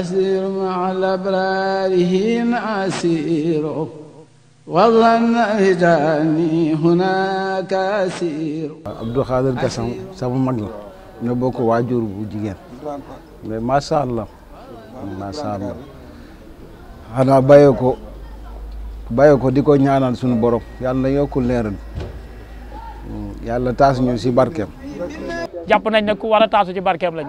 أسير مع الأبرار حين أسير وظن رجاني هناك أسير Abdou Khader Gassama sama mag la ñu bokk waajur bu jigéen mais allah macha allah xanaa ko di ko ñaanal suñu borom yàlla yokk leeral yàlla taas ñu si barkeem jàpp nañ ne ku war taasu ci barkeem lañ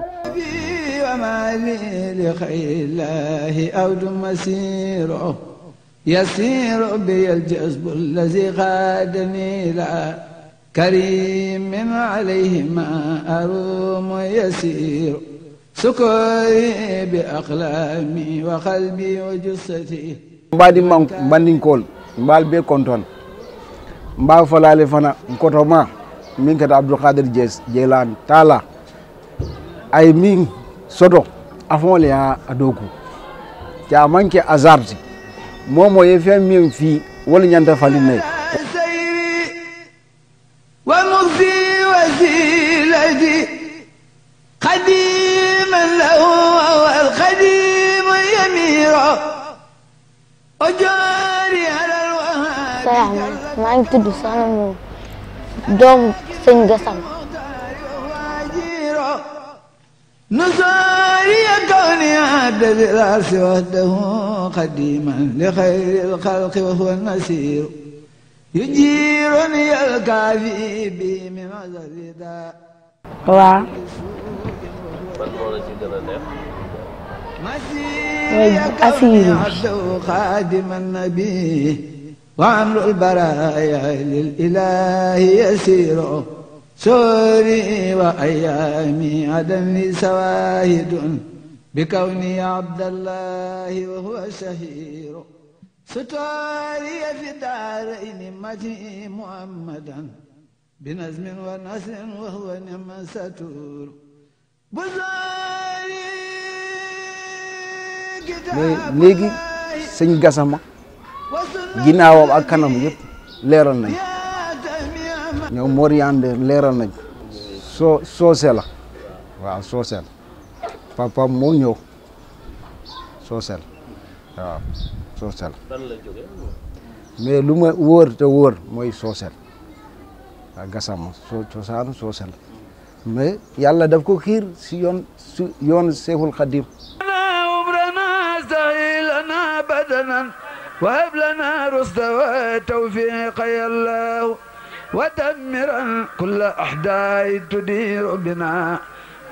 أمامي لخير الله أود مسيره يسير بي الجذب الذي غادني لا كريم عليه ما أروم يسير سكري بأقلامي وقلبي وجثتي mbaɗi man mbandinkol mbal be konton mbaw falale fana koto ma min kata abdoulkadir dies jeylani tala ay min soto afole ya adoku ta manke azarti momo ye fen min fi wala nyanta falin nay wa mudi wasilati qadiman lahu wal qadim yamira ajari ala al wahab maa ngi tudd Soxna doom sëñ Gassama نزاري كوني عبد الراس وحده قديما لخير الخلق وهو النسير يجيرني الكافي بي من زريدا waaw asiir خادم النبي وعمر البرايا للإله يسير سوري وأيامي عدم لي سواهد بكوني عبد الله وهو شهير ستاري في الدارين مجيء محمدا بنزم ونسر وهو نعم ستور بزاري léegi sëñ Gassama ginnaawam ak kanam yëpp leeral nañ ñoom Mor Yande leeral nañ soo soose la waaw soose papa moo ñëw soose la waaw soose lu ma wóor te wóor mooy soose la waaw gasama soo cosaanu soose la ko xiir si yoon si yoon Seexul Xadim وهب لنا رشدا وتوفيق يا الله ودمرا كل أحداء تدير بنا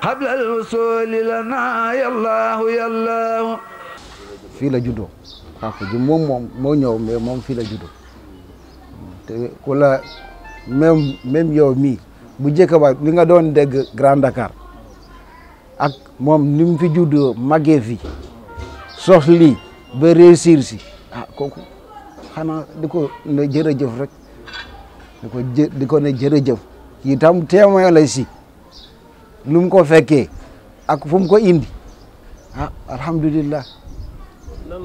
قبل الوصول لنا يا الله يا الله fii la juddo xànq ah, ji moom moom moo moom fii la juddoo te ku la même même yow mii bu njëkk nga doon dégg Grand Dakar ak moom ni mu fi juddoo màggee fi sos lii ba réussir si ah kooku di ko ne jërëjëf rek di ko jë di ne jërëjëf kii tam témoin la si lu ko fekkee ak fu mu ko indi ah alhamdulilah. nan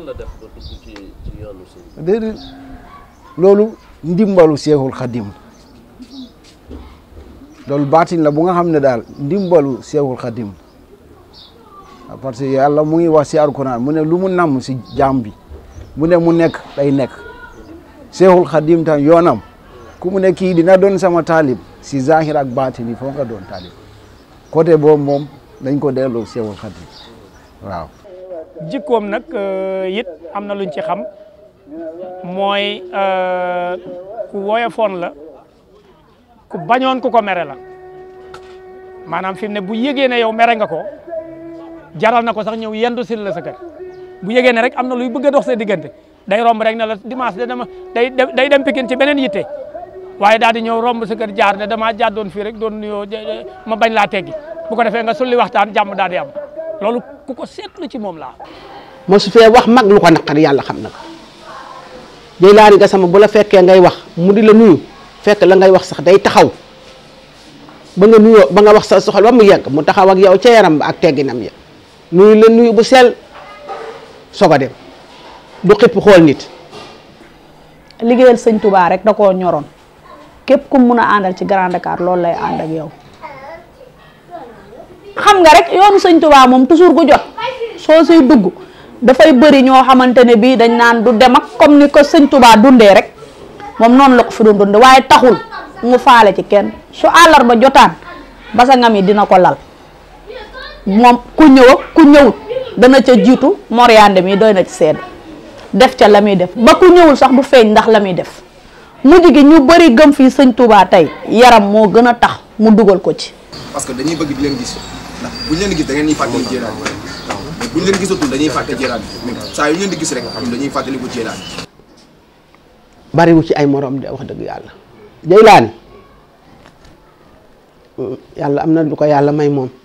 loolu ndimbalu Seexul Xadim loolu baatin la bu nga xam ne daal ndimbalu Seexul Xadim ah, parce que yàlla mu ngi wax si Alxuraan mu ne lu mu namm si jaam bi mu ne mu nekk day nekk Seexul Xadim tam yoonam. ku ne kii dina doon sama taalib si zahir ak baatini foo nga doon taalib côté boobu moom dañ ko delloo Seexul Xadiim waaw. jikkoom nag euh, it am na luñ ci xam mooy euh, ku foon la ku bañoon ku ko mere la maanaam fi mu ne bu yëgee ne yow mere nga ko jaral na ko sax ñëw yendu sil la sa kër bu yëgee ne rek am na luy bëgg a dox sa diggante day romb rek ne la dimanche day dem day dem Pikine ci beneen yitte. waaye daal di ñëw romb sa kër jaar ne damaa jàddoon fii rek doon nuyoo ma bañ laa teggi bu ko defee nga sulli waxtaan jàmm daal di am loolu ku ko seetlu ci moom laa. su fee wax mag lu ko naqari yàlla xam na ko Jeylaani Gassama bu la fekkee ngay wax mu di la nuyu fekk la ngay wax sax day taxaw ba nga nuyoo ba nga wax sa soxal ba mu taxaw ak yow ca yaram ba ak tegginam ya nuyu la bu sel soog a dem du xipp xool nit. liggéeyal sëñ Touba rek da koo ñoroon. képp ku mun a àndal ci Grand Dakar loolu lay ànd ak yow xam nga rek yoonu sëñ tubaa moom toujours gu jot soo siy dugg dafay bari ñoo xamante ne bii dañ naan du dem ak comme ni ko sëñ tubaa dundee rek moom noonu la ko fi doon dundee waaye taxul mu faale ci kenn su àllarba jotaan basangam yi dina ko lal moom ku ñëw ku ñëwut dana ca jiitu moriande mi doy na ci sedd def ca la muy def ba ku ñëwul sax du feeñ ndax la muy def mujj gi ñu bari gëm fii sëñ Touba tey yaram moo gën a tax mu dugal ko ci. parce que dañuy bëgg di leen gis gis da ngeen ñuy fàttali dañuy fàtte jéeraan mais saa yu di gis rek ñun dañuy fàttali ko jéeraan. bariwu ci ay morom de wax dëgg yàlla. Jeylaani yàlla am na du ko yàlla may moom.